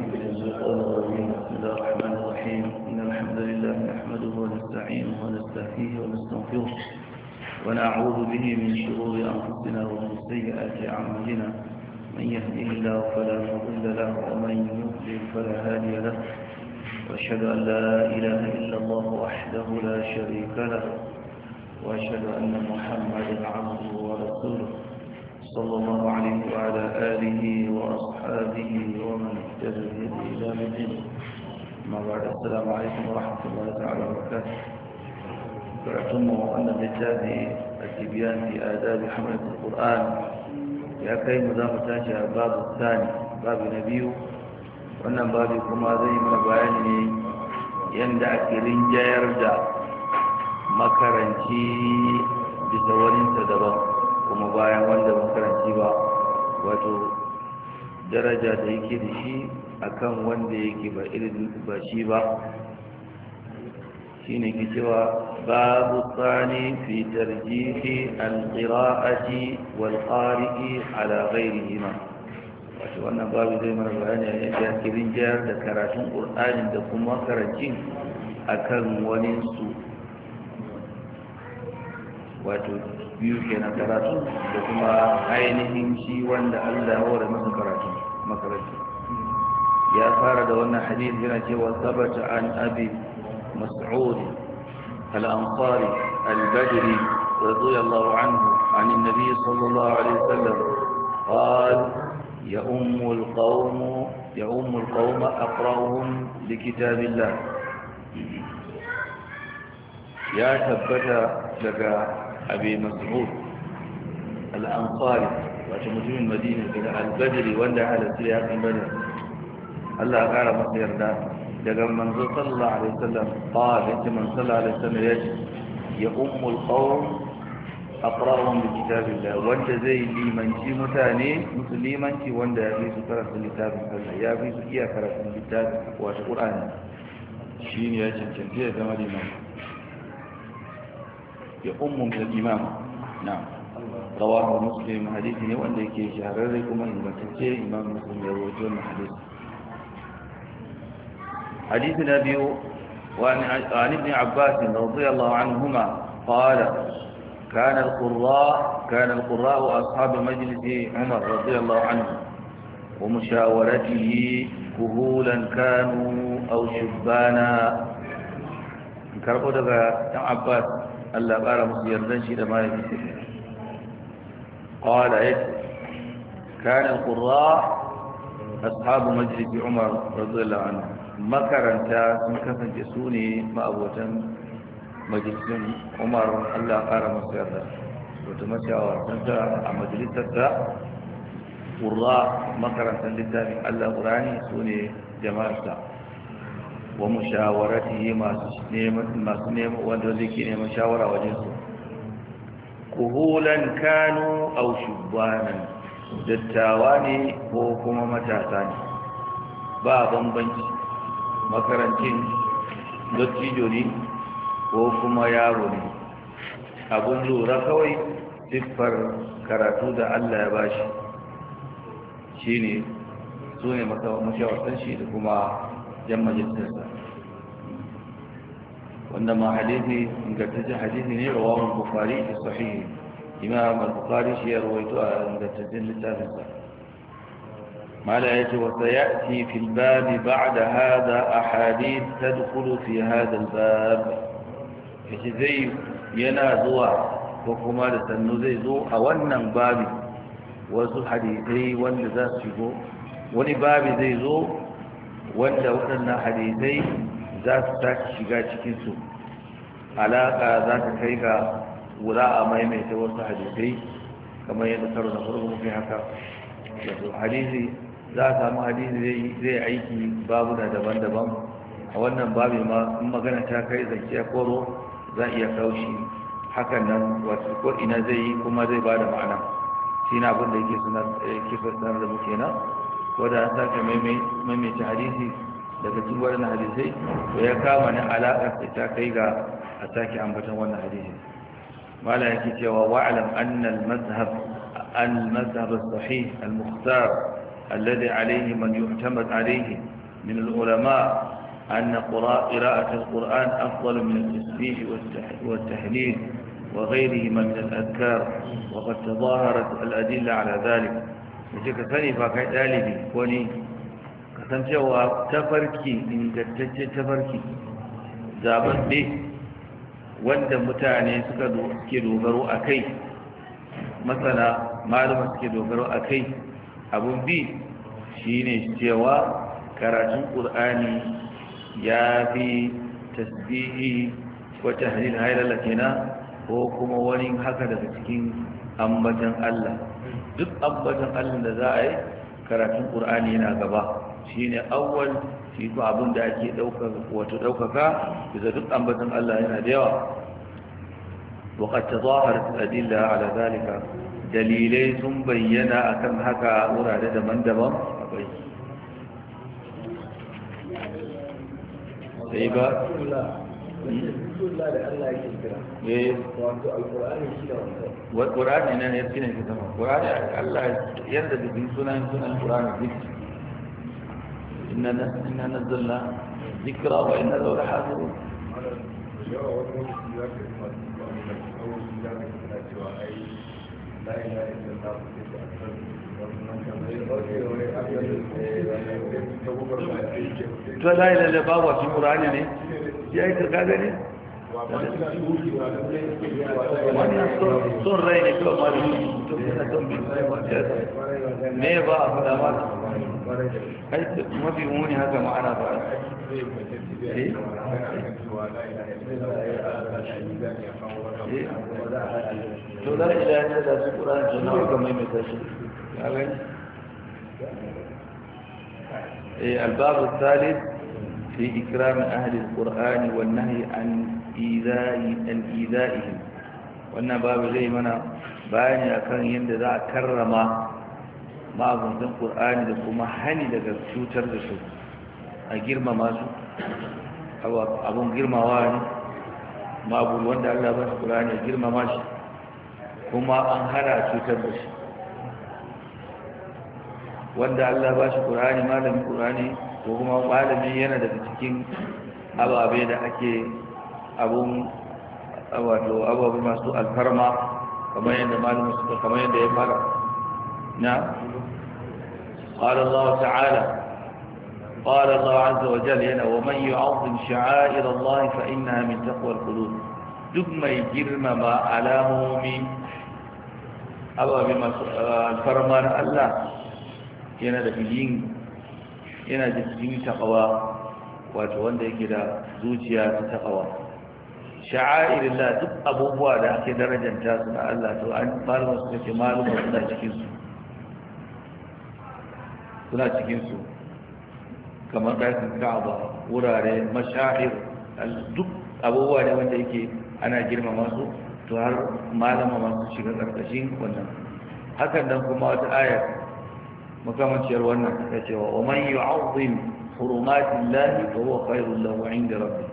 بسم الله الرحمن الرحيم إن الحمد لله نحمده ونستعينه ونستهديه ونستغفره ونعوذ به من شرور أنفسنا ومن سيئات أعمالنا من يهده الله فلا مضل له ومن يضلل فلا هادي له وأشهد أن لا إله إلا الله وحده لا شريك له وأشهد أن محمدا عبده ورسوله صلى الله عليه وعلى آله وأصحابه ومن اهتدى إلى مدينه ما بعد السلام عليكم ورحمة الله تعالى وبركاته بعتم أن بالتالي التبيان في آداب حملة القرآن يا كريم دام تاشي الباب الثاني باب نبيه وأن باب كما ذي من بعيني يندع كرنجا يرجع مكرنجي da تدبر kuma bayan wanda makaranci ba wato daraja da yake da shi akan wanda yake ba irin ba shi ba shi ne ke cewa babu tsani fi tarjihi al-qira'ati wal qari'i ala ghairihi ma wato wannan babu zai mana bayani a da kirin jayar da karatun qur'ani da kuma karancin akan wani su wato biyu kenan karatu da kuma ainihin shi wanda Allah ya ware masa karatu makarantu ya fara da wannan hadith yana cewa sabata an abi mas'ud al-ansari al-badri radiyallahu anhu عن النبي صلى الله عليه وسلم قال يؤم القوم يؤم القوم أقرأهم لكتاب الله ya tabbata daga أبي مسعود الأنصاري مسلم المدينة إلى البدر ولا على سياق البدر الله قال مصير ذا لقد من صلى الله عليه وسلم قال أنت من صلى الله عليه وسلم يجب يقوم القوم أقرارهم بكتاب الله وانت زي لي من شي متاني من شي وانت يفيس فرس الكتاب الله يفيس إيا فرس الكتاب أنا شين يا شمتم كيف ما لمن يقوم من الإمامة نعم رواه مسلم حديث وأن يكي شهرركم إن كنتي إمام مسلم يروجون حديث حديث نبي وعن ابن عباس رضي الله عنهما قال كان القراء كان القراء أصحاب مجلس عمر رضي الله عنه ومشاورته كهولا كانوا أو شبانا كربو دغا عباس Allah ƙara musu yardan shi da mahaifi ƙwada ya ce kanin ƙura ashabu majalisi umar rasulullah anhu makaranta sun kasance su ne ma'abotan majalisun umar Allah ƙara musu yarda wata mashawar ta a majalisarsa ƙura makarantar littafin Allah ƙura ƙurani su ne jama'arsa wa mushawaratihi masu nema wanda zai neman shawara wajen su kuhulan kanu au shubbanan dattawa ne ko kuma matasa ne ba bambanci makarancin dattijo ne ko kuma yaro ne Abin lura kawai siffar karatu da Allah ya bashi shine su ne mashawartan shi da kuma jan majalisarsa wanda ma hadithi ingantaccen hadithi ne ruwa wa bukari da sahihi imam al-bukari shi ya ruwaito a ingantaccen littafinsa mala ya ce wata ya ce filbabi ba hada a hadith ta dukulu fi hada albab ya ko kuma da sannu zai a wannan babi wasu hadithai wanda za su shigo wani babi zai zo wanda waɗannan hadithai za su tashi shiga cikinsu alaƙa za ta kai ga wura a maimaita wasu hadisai kamar yadda karo na farko mafi haka su hadisi za a samu hadisi zai aiki babu da daban-daban a wannan babu ma in magana ta kai zakiya koro za iya kawo shi hakan nan wasu ko ina zai yi kuma zai ba da ma'ana shi na abin da yake sanar da muke kenan ko da an sake maimaita hadisi daga cikin wannan hadisi to ya kama ne alaƙar da ta kai ga a sake ambaton wannan hadisi mala yake cewa wa alam anna al-mazhab al-mazhab al sahih al-mukhtar alladhi alayhi man yu'tamad alayhi min al-ulama anna qira'at al al al qur'an afdal min tasbih wa wa ghayrihi min al أفضل wa qad والتحليل al adilla ala dhalik wajaka الأدلة fa kai dalibi ko ni san cewa tafarki ingantacce tafarki zaɓaɓɓe wanda mutane suka ke dogaro a kai masana malama suke dogaro a kai abun bi shine cewa karatun ƙur'ani ya fi tasbihi wata halin hailala kenan ko kuma wani haka daga cikin ambatan Allah duk ambatan Allah da za a yi karatun ƙur'ani yana gaba ne awwal shi ko abin da ake daukar wato daukaka bisa duk ambatan Allah yana da yawa wa qad tadaharat adilla ala zalika dalilai sun bayyana akan haka wurare daban-daban a akwai sai ba ƙura'ani eh. na ne fi ne fi zama ƙura'ani Allah yadda da bin sunan sunan ƙura'ani إننا نزلنا ذكرى وإننا لو لحاضرون لا إله إلا الله في القرآن يعني في آية القرآن يعني صور رأيني كما يقولون ميبا أفضل أفضل ما في أموني هذا ما أنا إيه؟ إيه، الباب الثالث في إكرام أهل القرآن والنهي عن إيذاء وأن باب غيمنا باني أكرم يندى ذا كرما ma'abutan qur'ani da kuma hani daga cutar da su a girmama su Abun girmawa ne ma'abun wanda allah ba su ƙur'ani ya girmama shi kuma an hana cutar da shi wanda allah ba shi ƙur'ani malamin ƙur'ani ko kuma malamin yana daga cikin ababe da ake abun wato ababe masu alfarma kamar yadda malamin suka kamar yadda ya fara na قال الله تعالى قال الله عز وجل هنا ومن يعظم شعائر الله فإنها من تقوى القلوب duk mai girmama alamomi ababe masu eh, alfarma na Allah yana da yin yana da cikin takawa wato wanda yake da zuciya ta takawa sha'airillah duk abubuwa da ake darajanta su na suna cikin su suna cikinsu kamar ɗakin ka'aba wurare mashahir duk abubuwa ne wanda yake ana girmama su to har malama masu shiga ƙarƙashin wannan hakan nan kuma wata ayar, makamanciyar wannan ta cewa wa man yu'azzim hurumatillahi fa huwa khairul lahu 'inda rabbih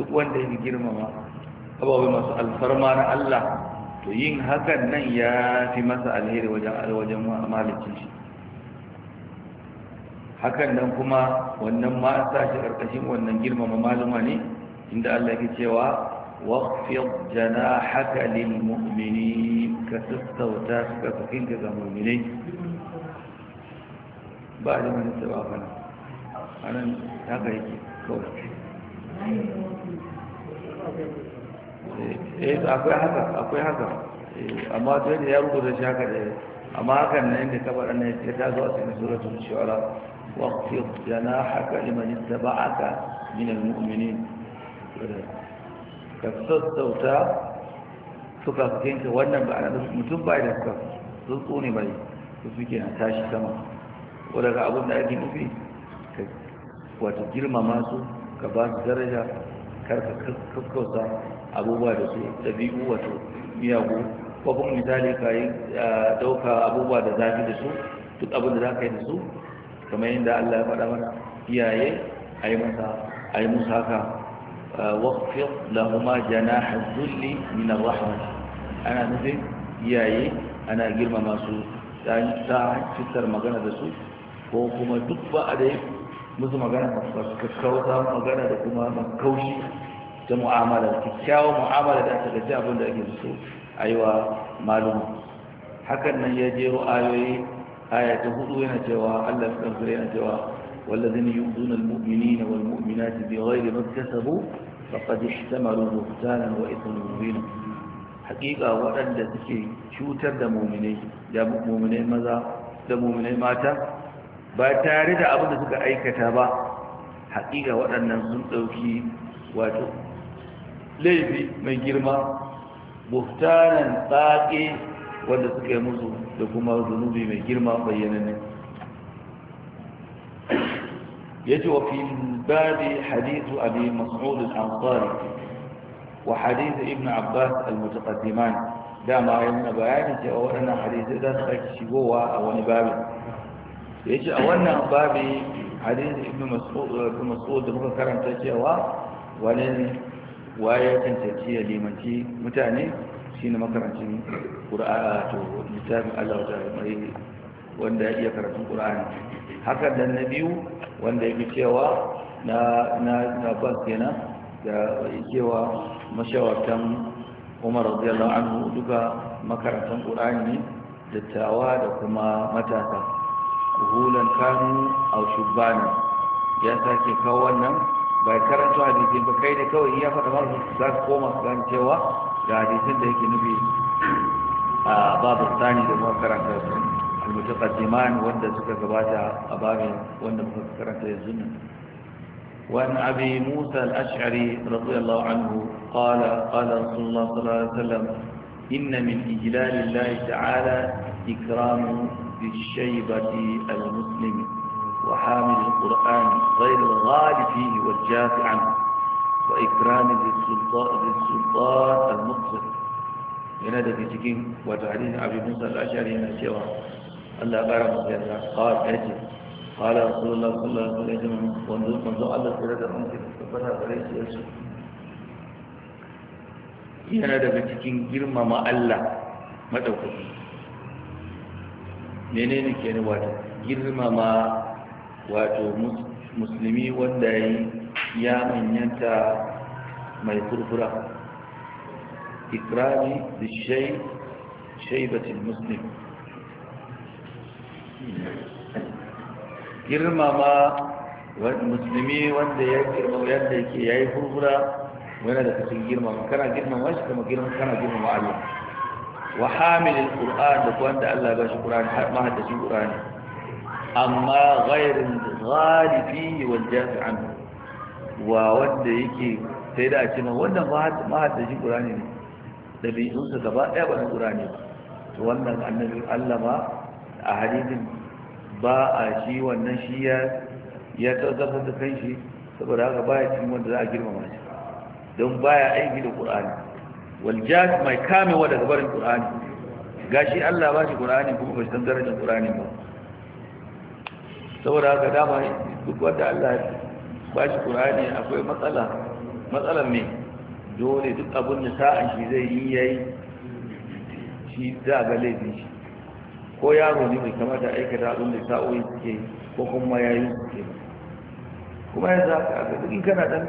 duk wanda yake girmama ababai masu alfarma na Allah to yin hakan nan ya fi masa alheri wajen wajen malicin shi hakan nan kuma wannan ma sa shi karkashin wannan girmama maluma ne inda Allah yake cewa waqfid janahaka lil mu'minin ka sassauta suka sakin ga mu'minai ba da wani tsawa ba anan haka yake kawai eh, eh akwai haka akwai haka eh, amma to yadda ya rubuta shi haka da amma hakan nan da kabarin ne ya ta zo a cikin suratul shu'ara واغفر جناحك لمن اتبعك من المؤمنين ka sassauta fukafukinka wannan ba ana mutum ba da suka tsuntsu ne mai. su suke na tashi sama ko daga abin da ake nufi ka wata girmama su ka ba su daraja karka kakkausa abubuwa da su ɗabi'u wato miyagu ko kuma misali ka yi ɗauka abubuwa da zafi da su duk abin da za ka yi da su kamar yadda Allah ya faɗa mana iyaye ayi masa ayi musa haka waqfir lahuma janaha dhulli min ar-rahmah ana nufin iyaye ana girmama su ta fitar magana da su ko kuma duk ba a dai musu magana masu kakkauta magana da kuma makaushi ta mu'amala kyakkyawar mu'amala da ta gaji abin da ake so a yi wa malum hakan nan ya jero ayoyi aya ta hudu yana cewa Allah ya kafir yana cewa wallazina yu'duna almu'minina walmu'minati bighayri ma kasabu faqad ihtamalu buhtanan wa ithman mubina Hakika waɗanda suke cutar da mu'minai da mu'minai maza da mu'minai mata ba tare da abin da suka aikata ba Hakika waɗannan sun ɗauki wato laifi mai girma buhtanan tsaki wanda suka yi musu da kuma zunubi mai girma bayyananne yace wa fi babi hadithu abi mas'udin al-ansari wa hadith ibn abbas al-mutaqaddiman dama yana bayani cewa waɗannan hadisi za su sake shigowa a wani babi yace a wannan babi hadith ibn mas'ud da muka karanta cewa wani waye tantance limanci mutane shi ne makarancin ƙura'a to littafin allah mai wanda ya iya karatun ƙura'ani hakan da na biyu wanda ya fi cewa na bas kenan da cewa mashawartan umar radiyallahu anhu duka makarantar ƙura'ani ne dattawa da kuma matasa hulan kanu a shubbana ya sake kawo wannan bai karanta hadisi ba kai ne kawai ya faɗa mara za su koma su gane cewa ga hadisin da باب الثاني a babu المتقدمان da muka karanta su al-mutaqaddiman wanda suka gabata وعن أبي موسى الأشعري رضي الله عنه قال قال رسول الله صلى الله عليه وسلم إن من إجلال الله تعالى إكرام بالشيبة المسلم وحامل القرآن غير الغالي فيه والجاف عنه وإكرام للسلطان المقصر ينادي في سكين وتعليم أبي موسى الأشعري من سوى ألا قرم في قال أجل قال رسول الله صلى الله عليه وسلم وانظر من ذو الله سيدة الأمس فتبتها فليس يسوى ينادي في سكين جرم ما ألا ما توقفه menene ne ke ni wata girma ma wato musulmi ya manyanta mai kurkura ikrari da shai shaibatin muslim girmama musulmi wanda ya girma yadda yake ya yi kurkura wani da cikin girmama kana girmama shi kama girma kana girmama Allah wa hamilin ƙura'an da kwanta Allah ba shi ƙura'an har mahaddashin ƙura'an amma ghairin zalifi wajen jami'an wa wanda yake sai da ce nan wannan mahaddashi ƙurani ne da bai ɗabi'unsa gaba daya ba na ƙurani ba to wannan annabin Allah ma a hadisin ba a shi wannan shi ya ya tazafar da kan shi saboda haka baya cikin wanda za a girmama shi don baya aiki da ƙurani wal jahil mai wa daga barin ƙurani gashi Allah ba shi ƙurani kuma bai san darajar ƙurani ba saboda haka dama duk wanda Allah ya ba shi ƙur'ani akwai matsala matsalar me dole duk abin da sa'an shi zai yi yayi shi za gale laifin shi ko yaro ne mai kamata aikata abin da sa'o'i suke ko kuma ya yi suke kuma yanzu haka in kana dan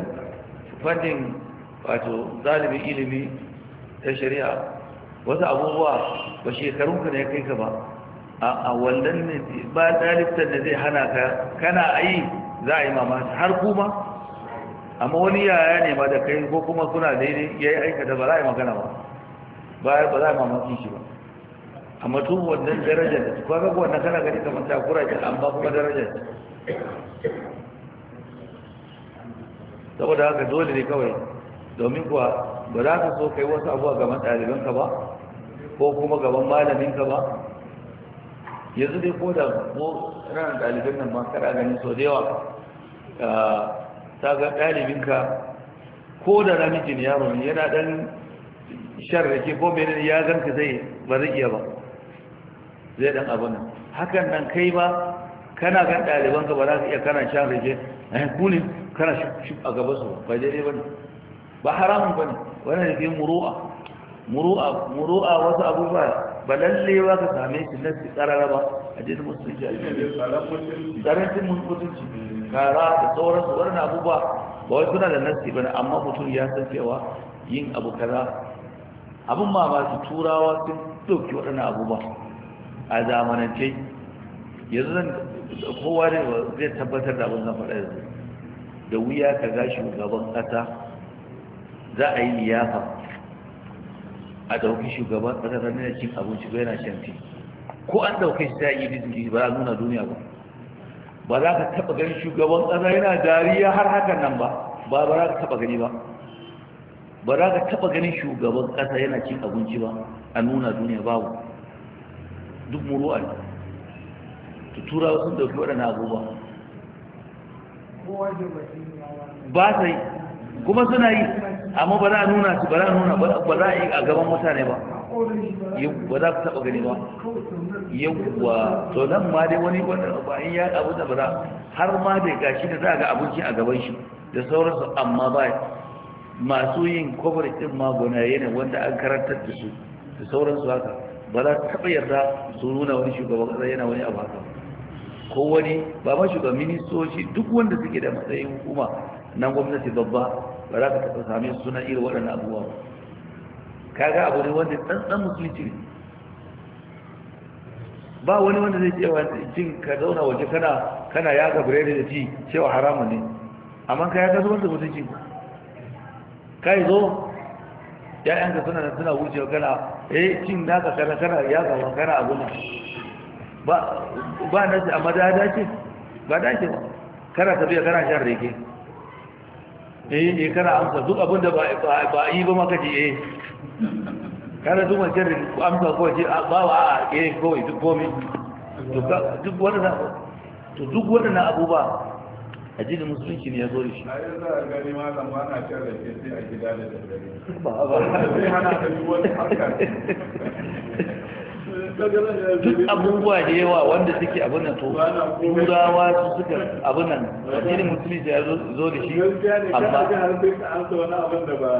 fannin wato zalibin ilimi ta shari'a wasu abubuwa ba shekarunka ne ya kai ka ba a wannan ne ba dalibtar da zai hana ka kana a yi za a yi mamaki har kuma amma wani yaya ne ma da kai ko kuma kuna daidai ya yi aikata ba za a yi magana ba ba za a yi mamaki shi ba amma tun wannan darajar da kuma ga wannan kana gani kamar ta takura ce amma kuma darajar saboda haka dole ne kawai domin kuwa ba za ka so kai wasu abuwa gaban ɗalibinka ba ko kuma gaban malaminka ba yanzu dai ko da ko ranar daliban nan ma kada ganin so da yawa ta ga ɗalibinka ko da namiji ne yaro ne yana ɗan sharrake ko mai ya ganka zai ba zai iya ba zai ɗan abu nan hakan nan kai ba kana gan ɗalibanka ba za ka iya kana sharrake eh ku ne kana shi a gaba su ba daidai ba ne ba haramun ba ne da ke muru'a muru'a muru'a wasu abubuwa ba lalle ba ka same shi na tsarara ba a jini musulunci karancin mutunci kara da sauransu waɗannan abubuwa ba wai suna da nasi ba amma mutum ya san cewa yin abu kaza abin su turawa sun ɗauki waɗannan abubuwa a zamanance yanzu zan kowa ne zai tabbatar da abin na faɗa yanzu da wuya ka gashi gaban ƙasa za a yi liyafa a ɗauki shugaban ƙasar ranar cin abinci ko yana shan fi ko an ɗauki shi ta yi bizini ba a nuna duniya ba ba za ka taɓa ganin shugaban ƙasa yana dariya har hakan nan ba ba ba za ka taɓa gani ba ba za ka taɓa gani shugaban ƙasa yana cin abinci ba a nuna duniya babu duk muru'a ne tura sun ɗauki waɗannan abubuwa ba sai kuma suna yi amma ba za a nuna shi ba za a nuna ba za a yi a gaban mutane ba ba za ku taɓa gani ba yawwa to nan ma dai wani bayan ya abu da za har ma bai gashi da za a ga abinci a gaban shi da sauransu amma ba masu yin kwabar ɗin gona yana wanda an karantar da su da sauransu haka ba za taɓa yarda su nuna wani shugaban ƙasa yana wani abu haka ko wani ba ma shugaban ministoci duk wanda suke da matsayin hukuma Nan gwamnati babba ba za ka same su suna irin waɗannan abubuwa ba ka ga abu ne wanda tsantsan musulunci ne ba wani wanda zai cewa jin ka zauna waje kana kana ya ga biredi da ci cewa haramun ne amma ka ya ga zubar da ka yi zo ya'yan ka suna suna wucewa kana eh cin naka kana kana ya ga kana abu ne ba ba na amma da ya dace ba dace ba kana tafiya kana shan reke eh eh kana amsa duk abin ba yi ba maka ji eh kana duk wancan da amsa ko ji ba wa a eh kawai duk komi duk waɗannan to duk a abubuwa addinin musulunci ne ya zo da shi ba ba duk abubuwa da yawa wanda suke abin nan to turawa su suka abin nan addinin musulmi da ya zo da shi amma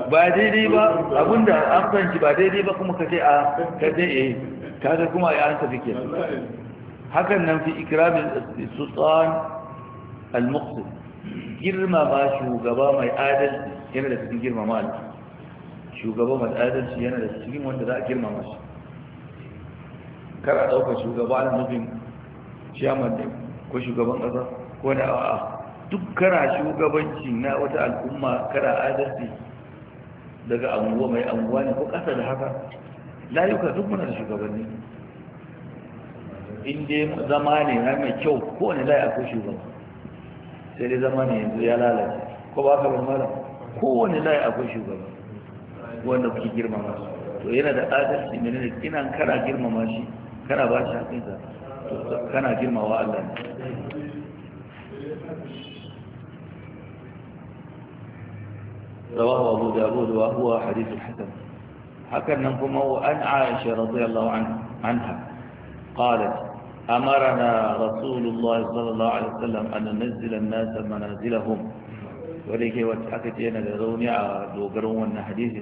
ba daidai ba abin da an san shi ba daidai ba kuma kace a ah, kace eh kaga kuma ya ansa fike hakan nan fi ikramin sultan al-muqsim girma ba shugaba mai adalci yana da cikin girma malaki shugaba mai adalci yana da cikin wanda za a girma masa kar a ɗauka shugaba na nufin shaman ne ko shugaban ƙasa ko da a'a duk kana shugabanci na wata al'umma kana adalci daga anguwa mai anguwa ne ko ƙasa da haka layuka duk muna da shugabanni in dai zama ne na mai kyau ko wani layi akwai shugaba sai dai zama ne yanzu ya lalace ko ba ka ban mara wani layi akwai shugaba wanda kuke girmama to yana da adalci menene kinan kara girmama shi kana ba shi haƙinsa kana girmawa Allah ne رواه أبو داود وهو حديث الحسن حكم لكم أن عائشة رضي الله عنها قالت أمرنا رسول الله صلى الله عليه وسلم أن ننزل الناس منازلهم ولكي واتحكت أنا لروني دوقرون حديث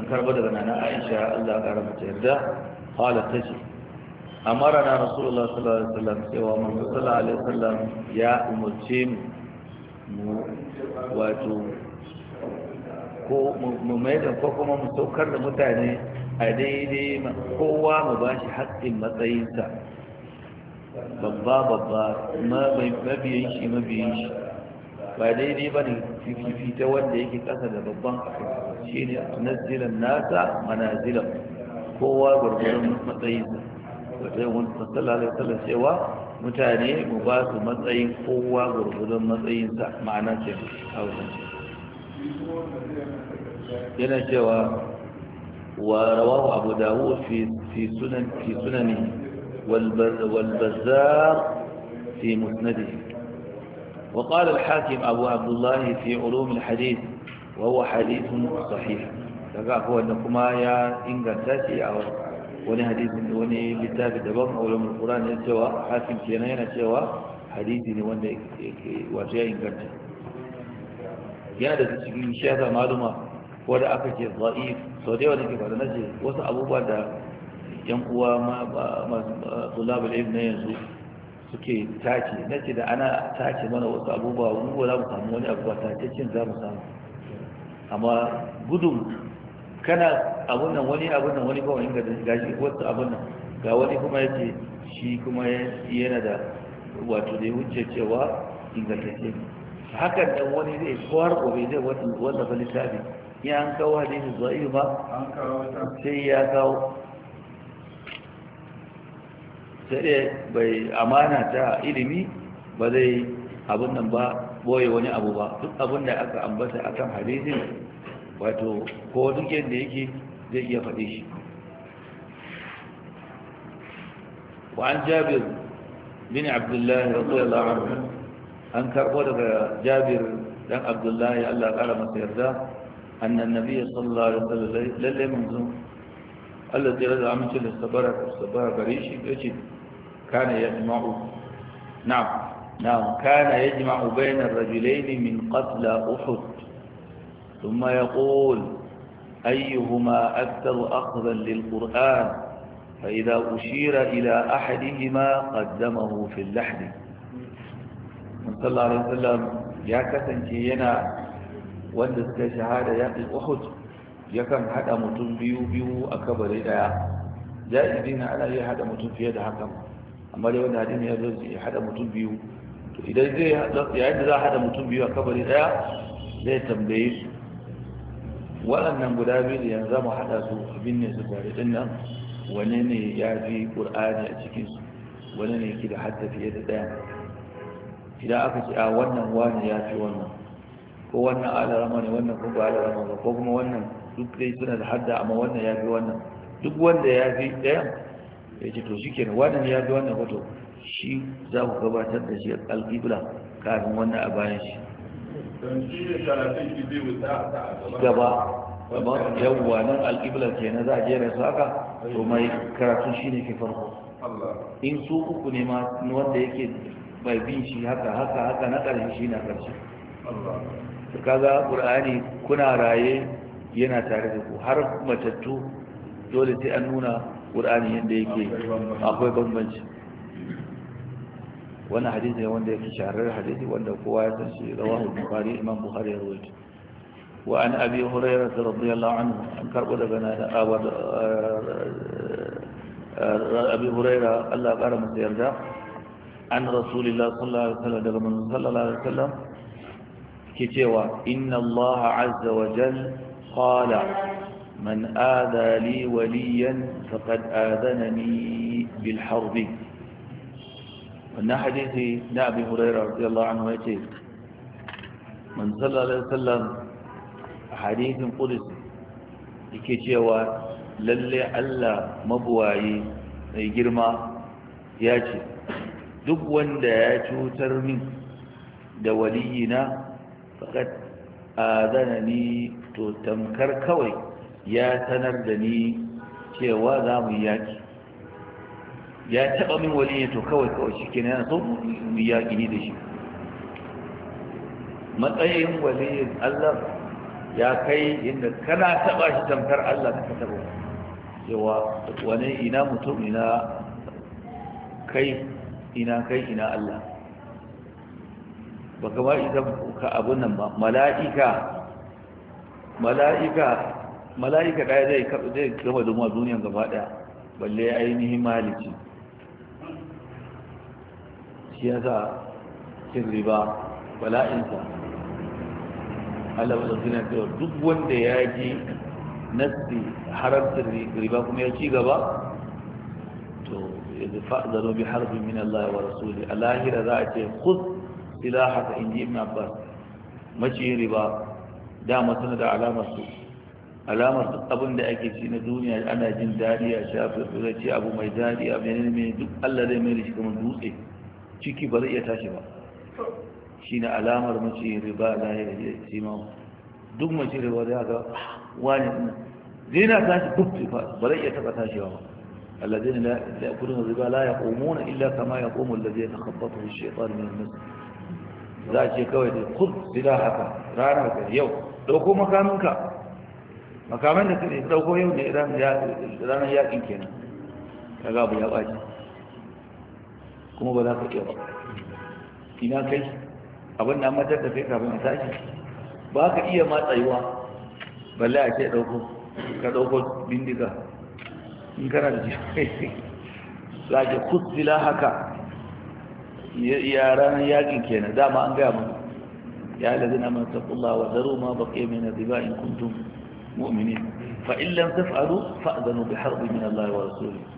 أن كربت بنا عائشة الله أرمت يرده قال تجي أمرنا رسول الله صلى الله عليه وسلم سوى من صلى الله عليه وسلم يا أم الجيم واتو ko mu mai da ko kuma mu saukar da mutane a daidai kowa mu ba shi haƙƙin matsayinsa babba babba mabiyin shi mabiyin shi ba daidai ba ne fifi ta wanda yake ƙasa da babban shi ne nazilan nasa manazilan kowa gwargwaron matsayinsa wajen wani sallallahu alaihi wasallam cewa mutane mu ba su matsayin kowa gwargwaron matsayinsa ma'ana ce a wajen yana cewa wa rawahu abu dawud fi fi sunan fi sunani wal bazzar fi musnadihi وقال الحاكم أبو عبد الله في علوم الحديث وهو حديث صحيح daga akwai wanda kuma ya inganta shi a wani hadisi wani littafi daban a wurin qur'an ne cewa hakim kenan yana cewa hadisi ne wanda wato ya inganta yana da cikin shafa maluma ko da aka ce za'if sau da yawa da ke faɗa na ce wasu abubuwa da yan uwa masu labar ilm na yanzu suke tace na ce da ana tace mana wasu abubuwa wani wani abubuwa tace cin za mu samu amma gudun kana abun nan wani abun nan wani ba wani gashi wasu abun nan ga wani kuma ya ce shi kuma yana da wato da ya wuce cewa ingantacce ne hakan nan wani zai kowar gobe zai wanda fa littafi ya an kawo hadisi zuwa ba sai ya kawo sai bai amana ta ilimi ba zai abun nan ba boye wani abu ba duk abun da aka ambata akan hadisin wato ko da yadda yake zai iya faɗe shi wa'an jabir bin abdullahi radiyallahu anhu an karɓo daga jabir dan abdullahi allah ƙara masa yarda annan nabiya sallallahu alaihi wasallam lalle manzo Allah ya rada amince da sabara sabara gare shi yace kana yajma'u na'am na'am kana yajma'u bainar rajulaini min qatla uhud ثم يقول أيهما أكثر أخذا للقرآن فإذا أشير إلى أحدهما قدمه في اللحن صلى الله عليه وسلم يا كسن كينا وندسك شهادة يقل أحد يكن حدا متن بيو بيو أكبر إلى جائزين على هذا متن في يد حكم amma dai wanda hadin ya zo ya hada mutum biyu to idan zai yayin da za a hada mutum biyu a kabari daya zai tambaye su waɗannan guda biyu da yanzu mu haɗa su abin ne su tare ɗin nan wani ne ya fi ƙur'ani a cikinsu wani ne ki da hadda fiye da ɗaya idan aka ce a wannan wani ya fi wannan ko wannan alarama ne wannan ko ba alarama ba ko kuma wannan duk dai suna da hadda amma wannan ya fi wannan duk wanda ya fi ɗayan ya ce to shi kenan wannan ya fi wannan wato shi za ku gabatar da shi alƙibla kafin wannan a bayan shi gaba gaba yawwa nan ke za a jera su haka to mai karatu shi ne ke farko in su uku ne ma wanda yake bai bin shi haka haka haka na ƙarshe shi na ƙarshe to kaga ƙur'ani kuna raye yana tare da ku har matattu dole sai an nuna ƙur'ani yadda yake akwai bambanci wannan hadisi ne wanda yake shahararren hadisi wanda kowa ya san shi rawahu bukhari imam bukhari ya rawaito wa an abi hurairah radiyallahu anhu an karbo daga na abi hurairah Allah ya kara masa yarda an rasulillah sallallahu alaihi wasallam daga manzon sallallahu alaihi wasallam ke cewa inna Allah azza wa jal qala man adha li waliyan faqad adhanani bil harbi wannan hadisi na abi huraira radiyallahu anhu yace man sallallahu alaihi wasallam a hadisin qudus yake cewa lalle Allah mabuwayi mai girma ya ce duk wanda ya cutar min da waliyina faqad azanani to tamkar kawai ya sanar da ni cewa za mu yaki ya taɓa min waliyin to kawai kawai shi kenan yana so mu yaƙi gini da shi matsayin wani Allah ya kai inda kana taɓa shi tamkar Allah ka taɓa cewa wani ina mutum ina kai ina kai ina Allah ba kama ita ka abin nan ba mala'ika mala'ika mala'ika ɗaya zai kama duma duniyan gaba ɗaya balle ainihin malici shi yasa cin riba bala'insa Allah ba suna cewa duk wanda ya ji nasi haramcin riba kuma ya ci gaba to yanzu fa'adaru bi harbin min Allah wa rasuli a lahira za a ce khud silahaka in ji ibn Abbas maciyin riba dama suna da alamar su alamar duk abin da ake ci na duniya ana jin dadi a shafi ce abu mai dadi a mai duk Allah zai mai da shi kamar dutse ciki ba zai iya tashi ba shi ne alamar mace riba da ya yi siman duk mace riba da ga ah, wani ɗin zai na tashi duk tufa ba zai iya taɓa tashi ba komo لا zai الربا لا يقومون إلا كما يقوم الذي يتخبطه الشيطان من المس ذاك يكوي خذ سلاحك رانك يو دوكو مكانك makamin da ka ne ranar yakin kenan kaga abu ya baci kuma ba za ka iya ba ina kai abin da matar da kai kafin a tashi ba ka iya matsayuwa balle a ce ɗauko ka ɗauko bindiga in kana da jiya za ka kusila haka yaran yakin kenan dama an gaya mun ya lazina man taqullaha wa daru ma baqiya min riba in kuntum mu'minin fa in lam taf'alu fa'dhanu bi harbin min Allah wa rasulihi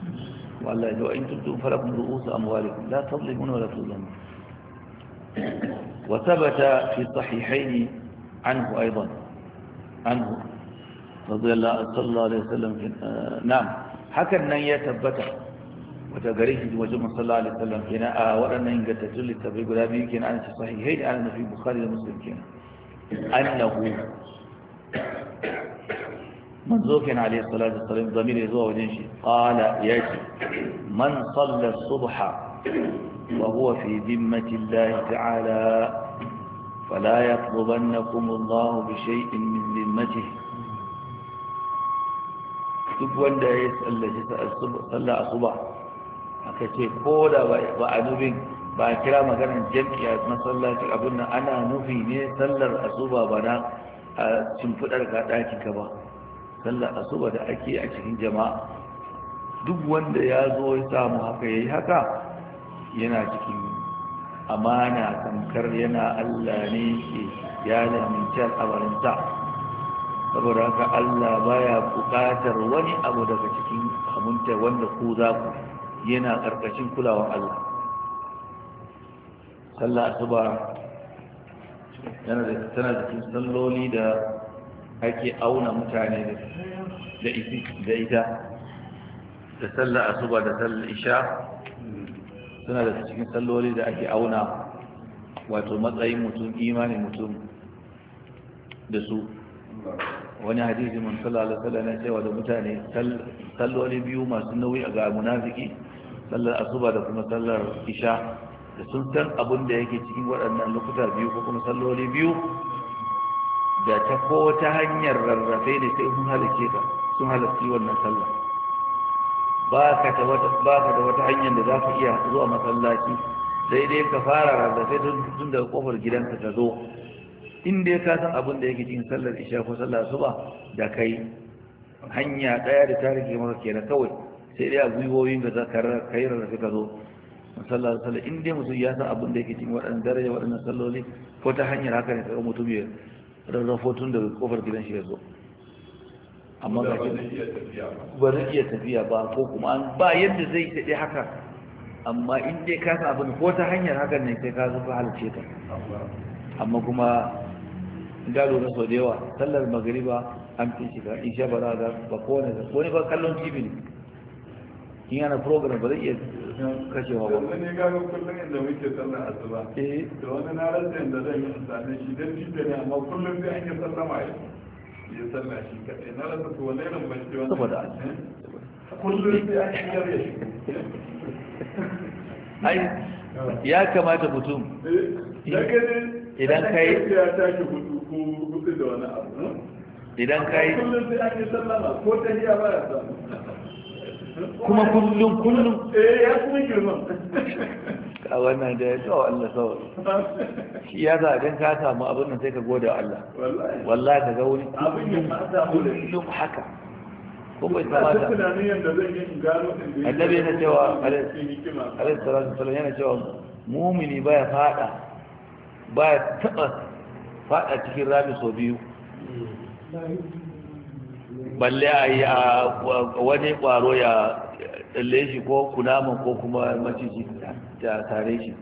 والله إذا وإن تبتم فلكم رؤوس أموالكم لا تظلمون ولا تظلمون وثبت في الصحيحين عنه أيضا عنه رضي الله صلى الله عليه وسلم في آه، نعم حكى النية ثبت وتقريه وجمع صلى الله عليه وسلم كنا وأن إن قد تجل التبريق لا يمكن أن الصحيحين أن في بخاري ومسلم كنا أنه manzo kenan alayhi salatu wassalam zamiri zuwa wajen shi qala yaji man salla subha wa huwa fi zimmati Allah ta'ala fala yaqbubannakum Allah bi shay'in min zimmatihi duk wanda ya sallaci sallah asuba ko da ba a nufin ba a kira maganar jam'i a masallaci abin nan ana nufi ne sallar asuba ba na a shimfiɗar ka gaba ba sallar asuba da ake a cikin jama'a duk wanda ya zo ya samu haka yayi haka yana cikin amana tamkar yana Allah ne ke ya lamintar abarinta saboda haka Allah baya bukatar wani abu daga cikin aminta wanda ku za ku yana ƙarƙashin kulawar Allah sallah asuba yana da tana cikin salloli da ake auna mutane da ita da sallar asuba da sallar isha suna da cikin salloli da ake auna wato matsayin mutum imanin mutum da su wani hadisi mun sallallahu alaihi wasallam cewa da mutane salloli biyu masu nauyi ga munafiki sallar asuba da kuma sallar isha da sun san abin da yake cikin waɗannan lokuta biyu ko kuma salloli biyu da ta ko ta hanyar rarrafe da sai sun halarci ka sun halarci wannan sallah ba ka da wata hanyar da za ka iya zuwa masallaci sai dai ka fara rarrafe tun daga kofar gidanka ta zo in dai ka san abin da yake cikin sallar isha ko sallar suba da kai hanya daya da ta rike maka kenan kawai sai dai a gwiwoyin ka ka yi rarrafe ka zo sallar sallar in dai mutum ya san abin da yake cikin waɗannan daraja waɗannan salloli ko ta hanyar haka ne ka mutum ya rarrafo tun daga kofar gidan shi ya zo amma ga ba zai iya tafiya ba ko kuma ba yadda zai daɗe haka amma in dai ka sa abin ko ta hanyar hakan ne sai ka zo halice ka amma kuma galo na sau da yawa sallar magariba an fi shiga in sha ba za ba kowane ba kallon tv ne in yana program ba zai iya kashewa ba. Sannan ne gaga kullum inda muke sallar asuba. Eh. Da wani na rasa yadda zan yi misali shi dan jidda ne amma kullum sai an yi sallama ya yi sallah shi kaɗai. Na rasa to wani irin ban wani. Saboda eh? Kullum sai an yi ya shi. Ai ya kamata mutum. Eh, idan kai. Ya tashi hudu ko hudu da wani abu. Eh? Idan kai. Kullum sai an yi sallama ko ta hiya ba ya samu. kuma kullum kullum eh ya kuma girman a wannan da ya tsawo Allah sauri shi ya za a gan ka samu abin nan sai ka gode Allah wallahi ka ga wani kullum haka kuma ita ma ta annabi yana cewa alaihi salatu wasallam yana cewa mumini baya fada baya taba fada cikin rami sau biyu hmm. balle a yi wani kwaro ya tsalle shi ko kunaman ko kuma maciji ta tare shi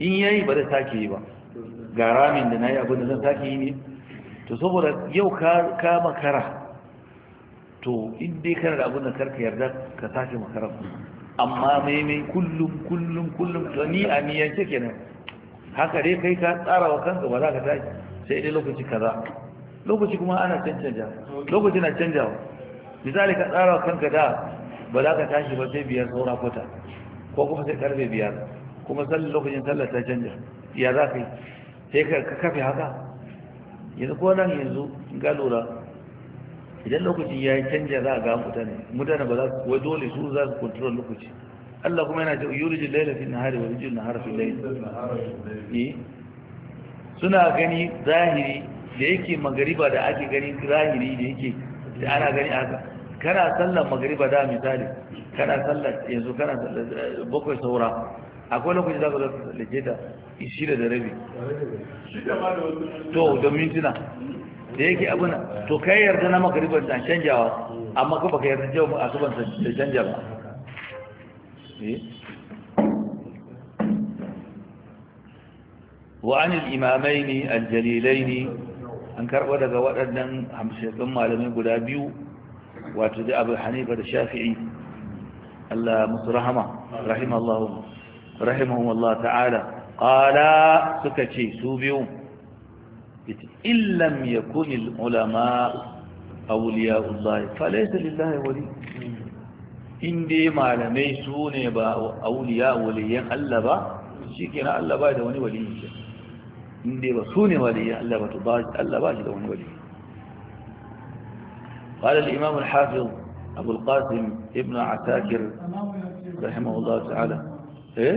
in yayi ba da sake yi ba ga ramin da na yi abin da zan sake yi ne to saboda yau ka makara to in dai kana da abin da karka yarda ka sake makara amma mai mai kullum kullum kullum to ni a niyance kenan haka dai kai ka tsara wa kanka ba za ka tashi sai dai lokaci kaza lokaci kuma ana canjawa lokaci na canjawa misali ka tsara kanka da ba za ka tashi ba sai biyar saura kwata ko kuma sai karfe biyar kuma sallar lokacin sallar ta canja ya za ka yi sai ka kafe haka yanzu ko nan yanzu ga lura idan lokacin ya yi canja za a ga mutane mutane ba za su wai dole su za su kontrol lokaci Allah kuma yana cewa jin laila fi hari, wani jin na fi laila eh? suna gani zahiri da yake magariba da ake gani zahiri da yake da ana gani aka kana sallar magariba da misali kana sallar yanzu kana sallar eh, bakwai saura akwai lokaci za ka zo lake ta shida da rabi to da mintuna da yake abuna to kai yarda na magariba da canjawa amma ka baka yarda jawo a suban da canja ba وعن الإمامين الجليلين an karɓa daga waɗannan hamsin malamai guda biyu wato da abu hanifa da shafi'i Allah musu rahama rahimahum Allah ta'ala ƙala suka ce su biyu illam ya kuni ulama a wuliya'ullahi falaisa lillahi wali inda malamai su ne ba auliya waliyan Allah ba shi kenan Allah ba da wani waliyin inda وصوني ولي ne waliyan Allah ba قال الإمام الحافظ أبو القاسم ابن عساكر رحمه الله تعالى إيه؟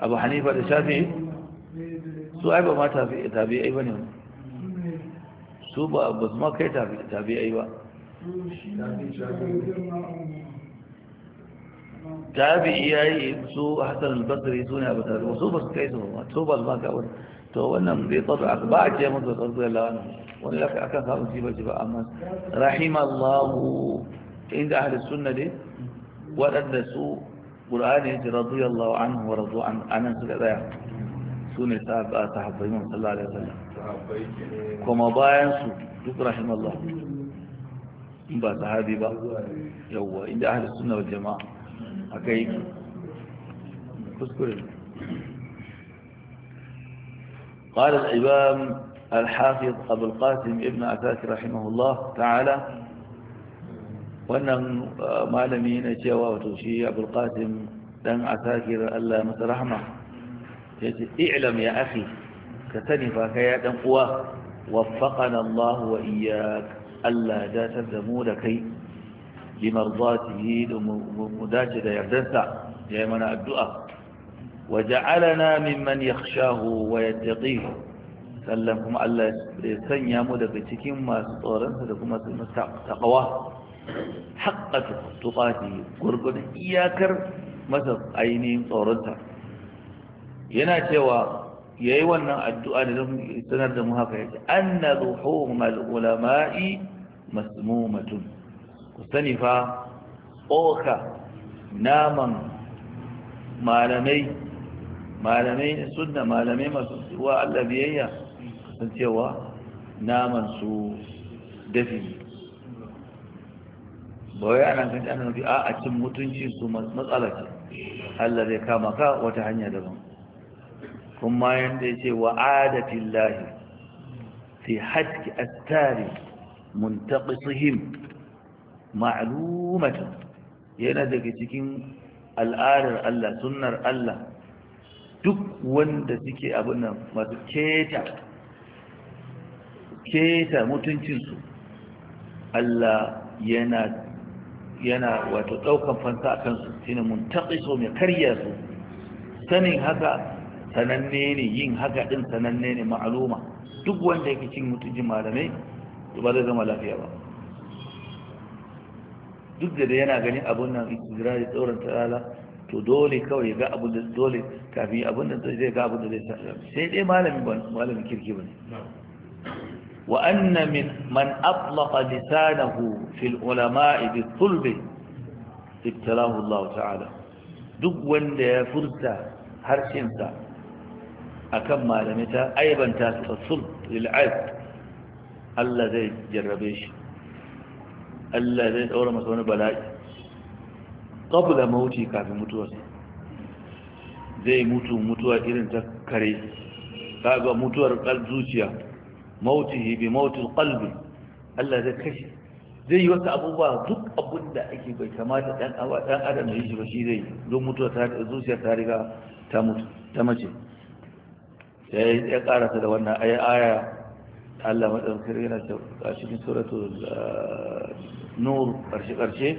أبو حنيفة الشافعي أبو ما تابي أيوة نعم سو بس ما كي تابي تابي أيوة tabi'i yayi su Hassan al-Basri su ne abu talib su ba su kai su ba su ba ma ka wani to wannan bai tsaro aka ba a ce musu tsaro da lawan wani laka aka samu shi ba shi ba amma rahimallahu inda ahli sunna dai waɗanda su Qur'ani ya ce radiyallahu an wa radu an anan suka tsaya su ne sahabbai mun sallallahu alaihi wasallam kuma bayan su duk rahimallahu ba sahabi ba yawwa inda ahli sunna wa jama'a قال الإمام الحافظ أبو القاسم ابن أساس رحمه الله تعالى وأنه ما لم ينشي وتوشي أبو القاسم لن أساكر ألا مترحمة اعلم يا أخي كتنفا دم تنقوا وفقنا الله وإياك ألا ذات الزمود كيف بمرضاته مداجد يردنسا يمنع الدعاء وجعلنا ممن يخشاه ويتقيه sannan kuma Allah ya sanya mu daga cikin masu tsoronsa da kuma masu taƙawa haƙƙa tuƙati gurgudun iyakar masa ainihin tsoronsa yana cewa ya yi wannan addu'a da zan sanar da mu haka yake an na zuho mal'ulama'i masmumatun ku sani fa tsoka naman malamai malamai sunna malamai masu wa Allah biyayya sun cewa naman su dafi ba wai ana kan ana bi a cikin mutuncin su matsala ce Allah zai kama ka wata hanya daban kuma yanda ya ce wa adatillahi fi haski attari muntaqisihim ma'lumatan yana daga cikin al'adar Allah sunnar Allah duk wanda suke abin nan masu keta keta mutuncinsu Allah yana yana wato ɗaukan fansa a kansu shine muntaqiso mai karya su sanin haka sananne ne yin haka din sananne ne ma'aluma duk wanda yake cin mutunci malamai to ba zai zama lafiya ba duk da da yana ganin abun nan istidrari tsoron ta'ala to dole kawai ga abun da dole kafin abun da zai ga abun da zai sa sai dai malami ba malami kirki bane wa anna min man atlaqa lisanahu fil ulama'i bi tulbi ibtalahu Allah ta'ala duk wanda ya furta harshen sa akan malamai ta aibanta ta sulb lil aib Allah zai jarrabe shi Allah zai daura masa wani bala'i qabla mauti kafin mutuwarsa zai mutu mutuwa irin ta kare kaga mutuwar kal zuciya mautihi bi mautil qalbi Allah zai kashe zai yi wasu abubuwa duk abin da ake bai kamata ɗan awa dan adam ya yi ba shi zai don mutuwa ta zuciya ta riga ta mace sai ya karasa da wannan aya aya Allah madaukakin yana a cikin suratul ah, نور أرشي قرشي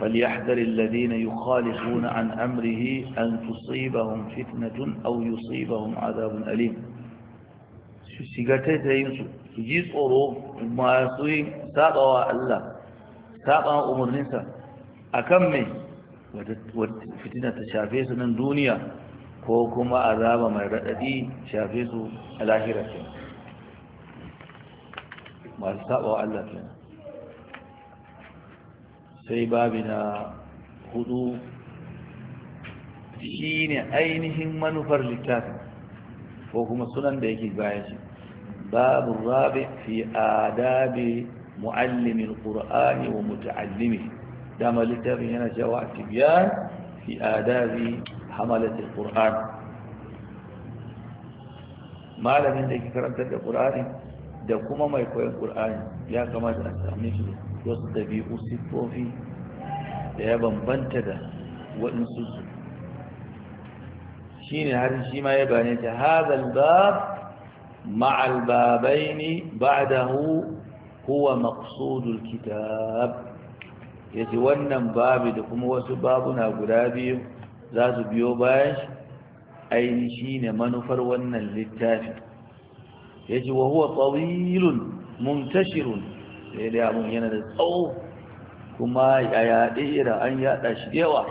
فليحذر الذين يخالفون عن أمره أن تصيبهم فتنة أو يصيبهم عذاب أليم شغتت تيسو سجيس أورو ما يسوي ساقوا الله ساقوا أمر نسا أكمي فتنة شافيس من دونيا كوكما عذاب ما يرددي شافيس الآخرة ما يساقوا الله كنا sai babi na hudu shi ne ainihin manufar littafin ko kuma sunan da yake baya shi babu rabi fi adabi muallimin qur'ani wa muta'allimi dama littafin yana cewa tibyan fi adabi hamalat alquran malamin da yake karantar da ƙur'ani da kuma mai koyon ƙur'ani ya kamata a sami shi wasu ɗabi'u siffofi da ya bambanta da waɗansu su shi ne har shi ma ya bane ta hazal bab ma'al babai ne ba da hu huwa maksudul kitab ya ce wannan babi da kuma wasu babuna guda biyu za su biyo bayan shi aini shi ne manufar wannan littafi ya ce wa huwa tsawilun mumtashirun sai dai abin yana da tsawo kuma ya yaɗe da an yaɗa shi yawa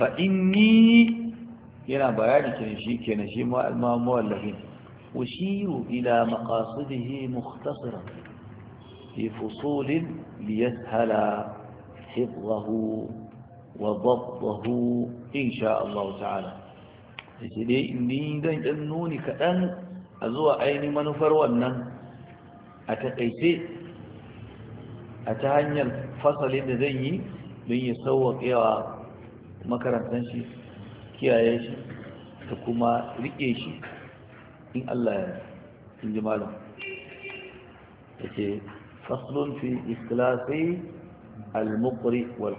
fa inni yana bayani kenan shi kenan shi ma mawallafin ushiru ila maqasidihi mukhtasaran fi fusulin liyashala hifzahu wa dabbahu insha Allah ta'ala sai dai ni dan dan nuni kaɗan a zuwa ainihin manufar wannan a taƙaice a ta hanyar fasalin da zai yi don ya sauwaƙewa makarantar shi kiyaye shi da kuma riƙe shi in Allah ya in ji malam faslun fi ikilasi al-muqri wal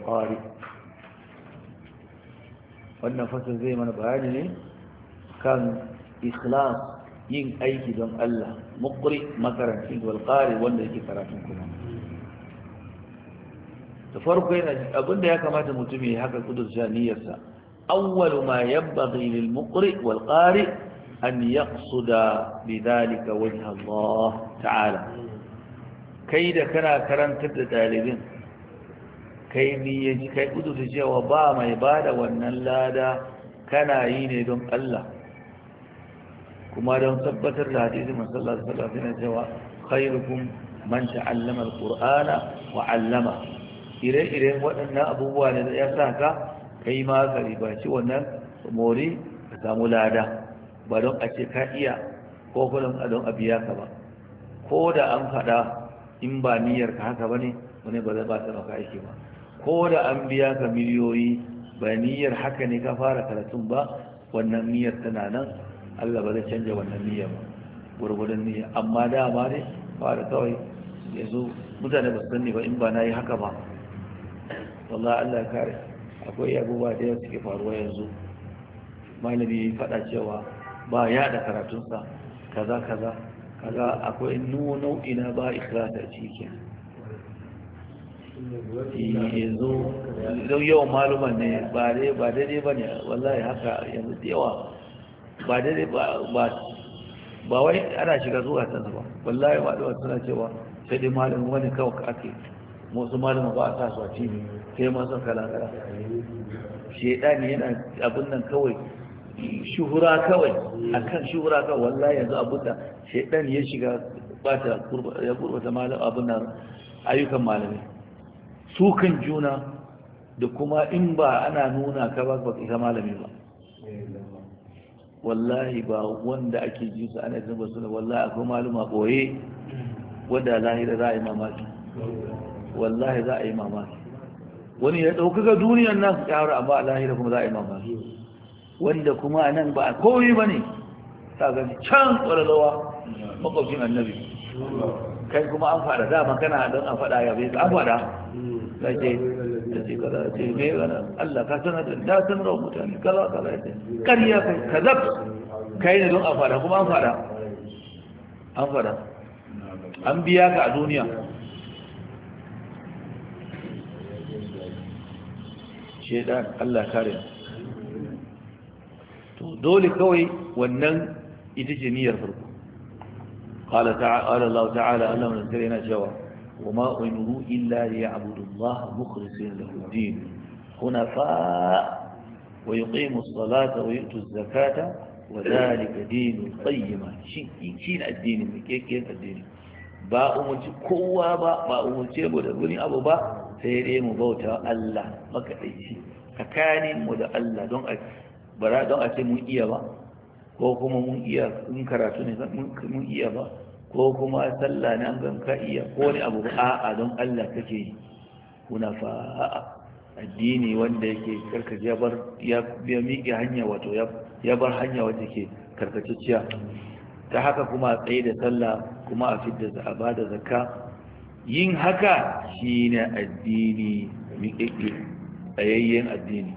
wannan fasal zai mana bayani ne kan ikhlas yin aiki don Allah muqri makarantin wal qari wanda yake karatun kuma da farko yana abinda ya kamata mutum ya haka kudurta niyyarsa awwal ma yanbaghi lil muqri wal qari an yaqsuda bidhalika wajha Allah ta'ala kai da kana karantar da dalibin kai niyyaci kai kudurta cewa ba mai bada wannan lada kana yi ne don Allah kuma don tabbatar da hadisi masallar sallar suna cewa khairukum man ta'allama al-qur'ana wa 'allama ire-iren waɗannan abubuwa da ya sa ka kai ma ka ribaci wannan mori ka samu lada ba don a ce ka iya ko kudin a don a biya ka ba ko da an faɗa in ba niyyar ka haka ba ne wani ba zai ba ta maka aiki ba ko da an biya ka miliyoyi ba niyyar haka ne ka fara karatun ba wannan niyyar tana nan Allah ba zai canja wannan niyyar ba gurgurdan niyya amma dama ne fara kawai yanzu mutane ba su ba in ba na yi haka ba wallah Allah kare akwai abubuwa da yawa suke faruwa yanzu malami ya faɗa cewa ba ya da karatunsa kaza kaza kaza akwai nau'i nau'ina ba ikhlasa cike ciki yanzu eh, don yau maluman ne ba daidai ba ne wallahi haka yanzu yawa ba daidai ba ba wai ana shiga zuwa ta ba wallahi ba da suna cewa sai dai malamin wani kawai ake musu malama ba a sa su a tv sai masu son kala yana abin nan kawai shuhura kawai akan shuhura kawai wallah yanzu abin da shaidani ya shiga bata ya kurbata malam abin nan ayyukan malami sukan juna da kuma in ba ana nuna ka ba ba isa malami ba wallahi ba wanda ake ji su ana jin suna wallahi akwai maluma boye wanda lahira za a yi mamaki wallahi za a yi mamaki wani ya ɗaukaka duniyar nan ƙyara amma a lahira kuma za a yi mamaki wanda kuma a nan ba a komi ba ne ta gani can ƙwararrawa makwabcin annabi kai kuma an faɗa dama kana don a faɗa ya bai an faɗa ta ce ta ce kaza ce me gana Allah ka sanar da na sanar wa mutane Kala-kala. ya ce ƙarya kai kaza kai ne don a faɗa kuma an faɗa an faɗa an biya ka a duniya shaidan Allah kare to dole kawai wannan ita ce niyyar farko qala ta'ala Allah ta'ala Allah mun tare yana cewa wama umiru illa liya'budu Allah mukhlisina lahu din hunafa wa yuqimu as-salata wa yu'tu az-zakata wa dhalika dinul qayyimah shi shi addini ne kekiyar addini ba umarci kowa ba ba umarce mu da wani abu ba sai dai mu bauta Allah makaɗaici tsakanin mu da Allah don a bara don a ce mun iya ba ko kuma mun iya mun karatu ne mun iya ba ko kuma sallah ne an ganka ka iya ko ne abu ba a'a don Allah kake yi kuna fa addini wanda yake karkace ya bar ya miƙe hanya wato ya bar hanya wanda yake karkacecciya ta haka kuma a tsaye da sallah kuma a fidda ba da zakka yin haka shi ne addini miƙiƙi tsayayyen addini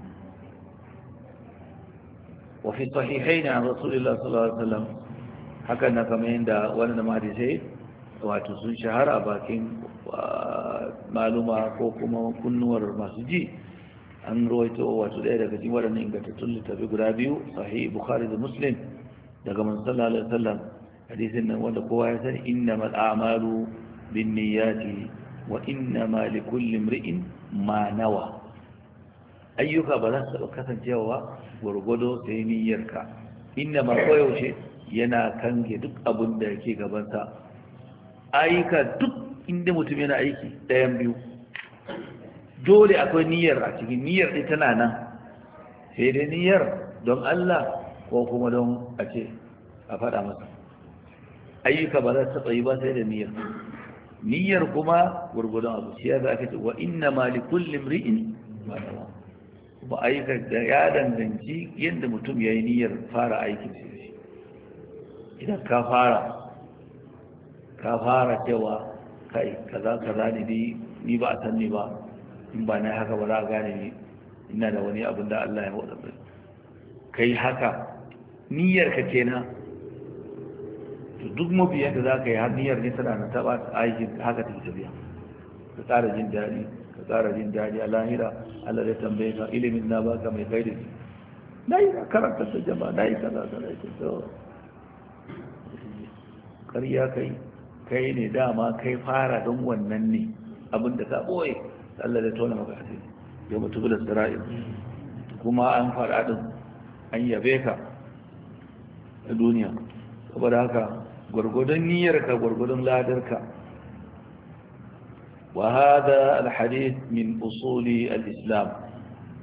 wa fi sahihain an sallallahu alaihi wasallam haka na kamar yadda wannan sai, wato sun shahara bakin maluma ko kuma kunnuwar masu ji an rawaito wato ɗaya daga cikin waɗannan ingantattun littafi guda biyu sahih bukhari da muslim daga man sallallahu alaihi wasallam hadisin nan wanda kowa ya sani innamal a'malu binniyati wa innamal likulli imrin ma nawa ayyuka ba za su kasancewa gwargwado sai niyyarka inda ma koyaushe yana kange duk abin da yake gabansa ayyuka duk inda mutum yana aiki ɗayan biyu dole akwai niyyar a cikin niyyar ɗin tana nan sai dai niyyar don Allah ko kuma don a ce a faɗa masa ayyuka ba za su taɓa yi ba sai da niyyar niyyar kuma gurgudan abu shi ya za ka ce wa inna ma li kulli imri'in ma nawa kuma ayyuka da ya danganci yadda mutum ya yi niyyar fara aikin shi idan ka fara ka fara cewa kai kaza kaza ne ni ni ba a san ni ba in ba na haka ba za a gane ni ina da wani abin da Allah ya hudu kai haka niyyar ka kenan duk mabiyan da za ka yi har niyyar ne tana na taɓa aikin haka ta tafiya ka tsara jin daɗi ka tsara jin daɗi a lahira Allah zai tambaye ka ilimin na baka mai kairi na yi na karanta ta jama na yi kaza kaza ita so karya kai kai ne dama kai fara don wannan ne abinda ka ɓoye Allah zai tona maka asiri yau mutu da sara'i kuma an fara ɗin an yabe ka ta duniya saboda haka gwargwadon niyyarka gwargwadon ladarka wa hada alhadith min usuli al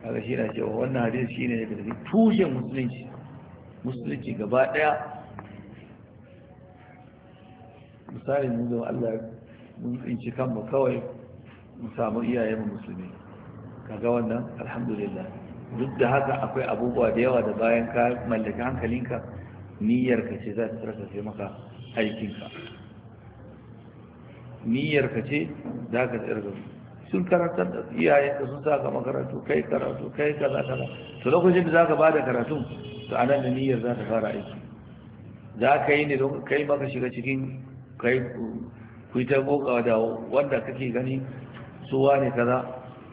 kaga shi na cewa wannan hadith shine daga cikin tushen musulunci musulunci gaba daya misali mun zo Allah mun tsinci kanmu kawai mu samu iyayen musulmi kaga wannan alhamdulillah duk da haka akwai abubuwa da yawa da bayan ka mallaki hankalinka niyyarka ce za ta tsarkake maka aikinka niyyarka ce za ka tsarkake sun karatar da iyayen da sun saka makarantu kai karatu kai kaza kaza to lokacin da za ka bada karatu karatun to a nan da niyyar za ta fara aiki za ka yi ne don kai maka shiga cikin kai kuitar koka da wanda kake gani su wane kaza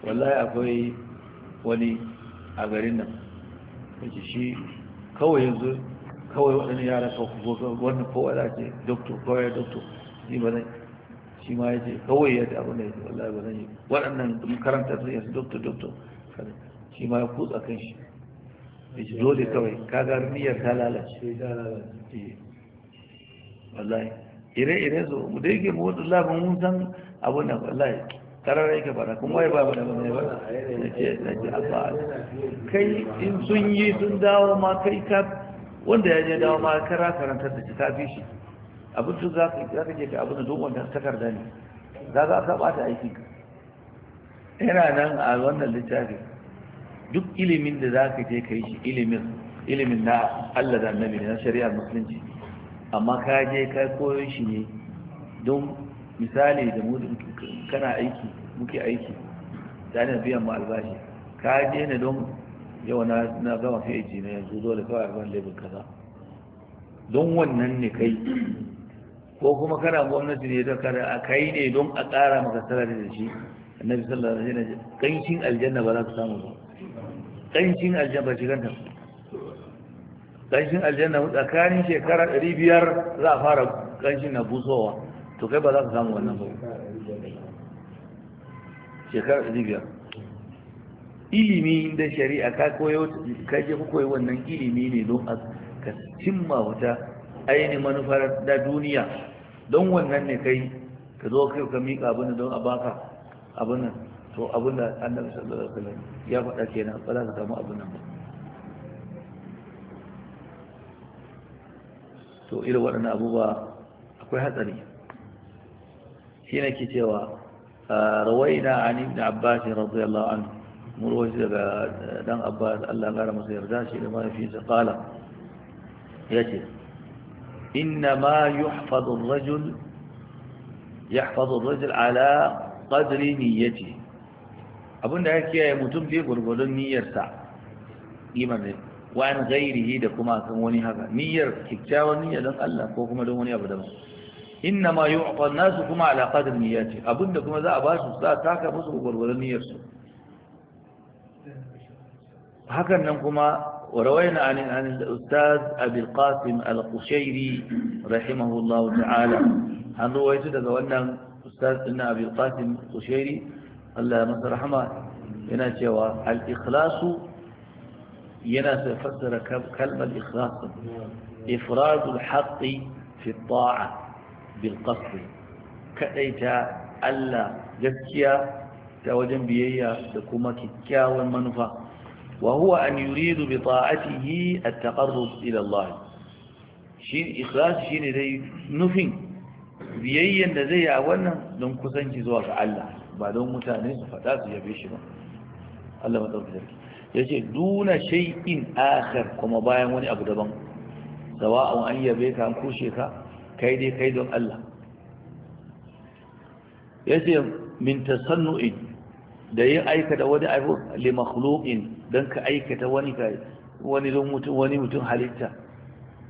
wallahi akwai wani a garin nan shi kawai yanzu kawai waɗannan yara ka ku zo wannan kowa da ce doktor kawai doktor ni ba shi ma ya ce kawai ya ce abin da ya wallahi ba zan yi waɗannan karanta su yanzu doktor doktor shi ma ya kutsa kan shi ya ce dole kawai kaga niyyar ta lalace eh, eh. wallahi ire-ire so mu dai ke mu wadda labin mun san abin da wallahi tararai ka fara kuma wai ba mu mai ba na ce na ce abba kai in sun yi sun dawo ma kai ka wanda ya je dawo ma kara karantar da ta fi shi abin su za ka je ka abin da duk wanda takarda ne za ka saba ta aiki ka yana nan a wannan littafin duk ilimin da za ka je ka yi shi ilimin ilimin na Allah da annabi na shari'ar musulunci amma ka je ka koyo shi ne don misali da mu kana aiki muke aiki da biyan mu albashi ka je ne don yau na gama PhD na yanzu dole kawai ban labin kaza don wannan ne kai ko kuma kana gwamnati ne don kada a kai ne don a kara maka sarari da shi annabi sallallahu alaihi wasallam kancin aljanna ba za ka samu ba kancin aljanna ba shi ganta kancin aljanna tsakanin shekara 500 biyar za a fara kancin na busowa to kai ba za ka samu wannan ba shekara 500 biyar ilimi da shari'a ka koyo ka je ku koyi wannan ilimi ne don a ka cimma wata ainihin manufar da duniya don wannan ne kai ka zo kai ka miƙa abin don a baka abin nan to abin da annabi sallallahu alaihi wasallam ya faɗa kenan ba za ka samu abin nan ba to irin waɗannan abubuwa akwai hatsari shi ne ke cewa ah, rawaina an ibn abbas radiyallahu anhu murwaji daga dan abbas allah gara masa yarda shi da mahaifinsa kala ya ce inna ma yuhfadun rajul yahfadun rajul ala qadri niyyati abinda ya kiyaye mutum bai gurgurdun niyyarsa imanin wa'an gairihi da kuma kan wani haka niyyar kyakkyawar niyyar don Allah ko kuma don wani abu daban inna ma yu'qa nasu kuma ala qadri niyyati abinda kuma za a ba su za a taka musu gurgurdun niyyarsu hakan أنكما وروينا عن عن الأستاذ أبي القاسم القشيري رحمه الله تعالى عن روايته تقولنا أستاذ إن أبي القاسم القشيري الله مصر رحمه هنا جوا الإخلاص ينا تفسر كلمة الإخلاص إفراد الحق في الطاعة بالقصد كأيتا ألا جسكيا توجن بيئيا لكما كتكا المنفق وهو أن يريد بطاعته التقرب إلى الله شين إخلاص شين دي نفين بيين لدي أولا دون كسان جزوا فعلا بعدهم متانين فتاس يبيش ما الله ما تقول ذلك يجي دون شيء آخر كما باين وني أبو دبان سواء أن يبيك أن كوشيك كيدي كيد الله يجي من تصنع da yin aikata wani abu li makhluqin don ka aikata wani wani mutum wani mutum halitta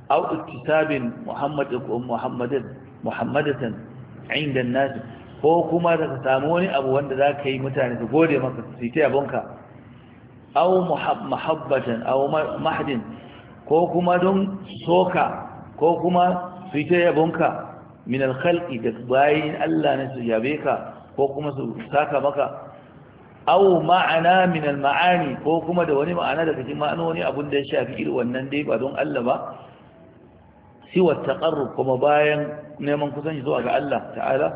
aw iktisabin muhammadin muhammadin muhammadatan inda nas ko kuma da ka samu wani abu wanda za ka yi mutane su gode maka su ta yabonka au muhabbatan au mahdin ko kuma don soka ko kuma su ta yabonka min alkhalqi da bayin Allah ne su yabe ka ko kuma su saka maka au ma'ana min al-ma'ani ko kuma da wani ma'ana daga cikin ma'anoni abun da ya shafi irin wannan dai ba don Allah ba siwa taqarrub kuma bayan neman kusanci zuwa ga Allah ta'ala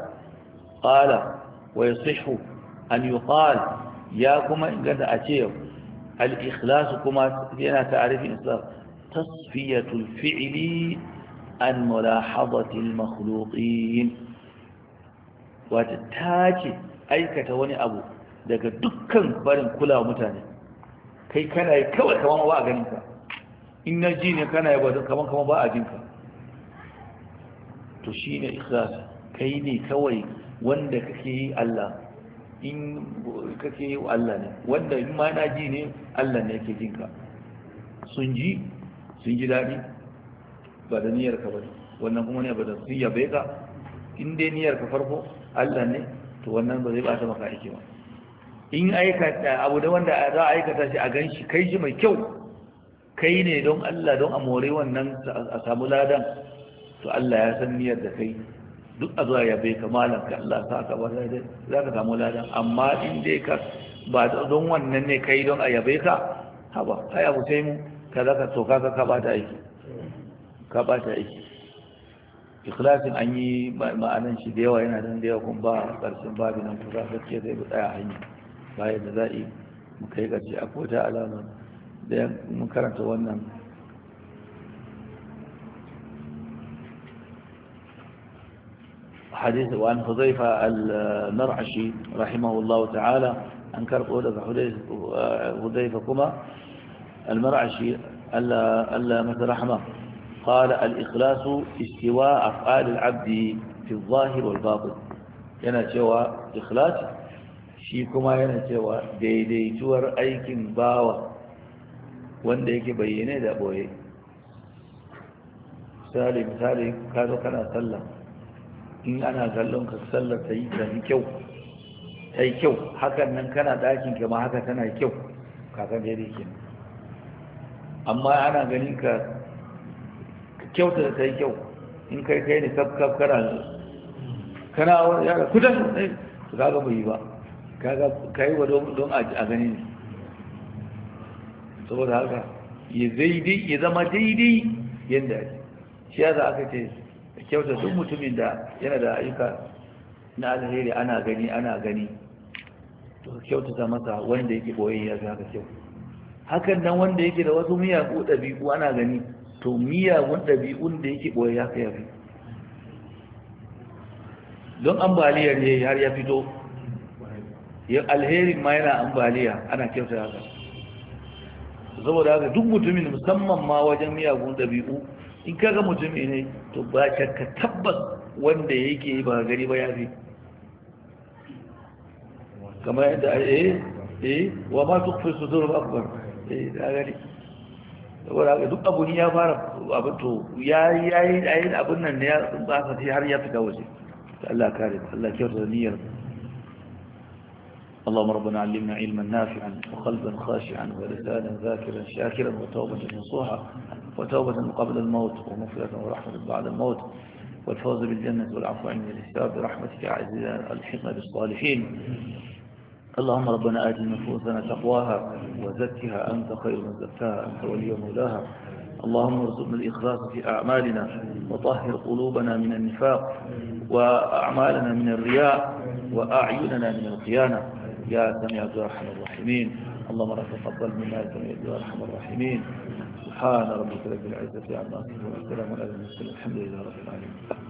qala wa yasihu an yuqal ya kuma inganta a ce al-ikhlas kuma yana ta'arifi islam tasfiyatul fi'li an mulahadati al-makhluqin wata tace aikata wani abu daga dukkan barin kula mutane kai kana yi kawai kama ba a ganinka in na ji ne kana yi ba kama kama ba a jinka to shi ne ikhlas kai ne kawai wanda kake yi Allah in kake yi Allah ne wanda in ma na ji ne Allah ne yake jinka sun ji sun ji daɗi ba da niyyar ka ba wannan kuma ne ba da sun yabe ka in dai niyyar ka farko Allah ne to wannan ba zai ba ta maka aiki ba in aikata abu da wanda za a aikata shi a gan shi kai shi mai kyau kai ne don Allah don a more wannan a samu ladan to Allah ya san niyyar da kai duk a zuwa yabe ka malam ka Allah sa ka bar ladan, za ka samu ladan amma in dai ka ba don wannan ne kai don a yabe ka haba ai abu sai mu ka za ka so ka ka bata aiki ka bata aiki ikhlasin an yi ma'anan shi da yawa yana don da yawa kun ba karshen babi nan kusa gaskiya zai bi tsaya hanya bayan da za'i mu kai ƙarshe a kota alama da mun karanta wannan حديث وعن حذيفة المرعشي رحمه الله تعالى عن كرب أولد حذيفة كما المرعشي ألا, ألا مترحمه قال الإخلاص استواء أفعال العبد في الظاهر والباطن يعني سوى إخلاص shi kuma yana cewa daidaituwar aikin bawa wanda yake bayyane da boye misali misali ka zo kana sallah in ana kallon ka sallar ta yi kyau ta yi kyau hakan nan kana ɗakin kama haka tana kyau kakan daidai kenan. amma ana ganin ka kyauta da ta yi kyau in kai kai ne kaf kaf kana kana wani yara kudan ne eh, su kaga bai yi ba ka yi wa don a gani ne saboda haka ya zaidi ya zama daidai yadda ake shi ya za aka ce kyauta duk mutumin da yana da ayyuka na alheri ana gani ana gani to kyautata masa wanda yake boye ya ka kyau hakan nan wanda yake da wasu miyagu ɗabi'u ana gani to miyagun ɗabi'un da yake boye ya kai yafi don ambaliyar ne har ya fito ya alherin ma yana ambaliya ana kyauta haka saboda haka duk mutumin musamman ma wajen miyagun ɗabi'u in kaga mutumin ne to ba ka tabbas wanda yake ba gari ba ya fi kamar yadda eh eh wa ma tukfi ba akbar eh da gari saboda haka duk abun ya fara abin to ya yi abin nan ne ya sai har ya fita waje Allah kare Allah kyauta da niyyar mu اللهم ربنا علمنا علما نافعا وقلبا خاشعا ولسانا ذاكرا شاكرا وتوبة نصوحا وتوبة قبل الموت ومغفرة ورحمة بعد الموت والفوز بالجنة والعفو عن الحساب برحمتك عزيز الحكمة بالصالحين اللهم ربنا آت نفوسنا تقواها وزكها أنت خير من زكاها أنت ولي مولاها اللهم ارزقنا الإخلاص في أعمالنا وطهر قلوبنا من النفاق وأعمالنا من الرياء وأعيننا من الخيانة يا سميع يا أرحم الراحمين اللهم رب تقبل منا يا أرحم الراحمين سبحان ربك رب العزة عما يصفون والسلام على المرسلين الحمد لله رب العالمين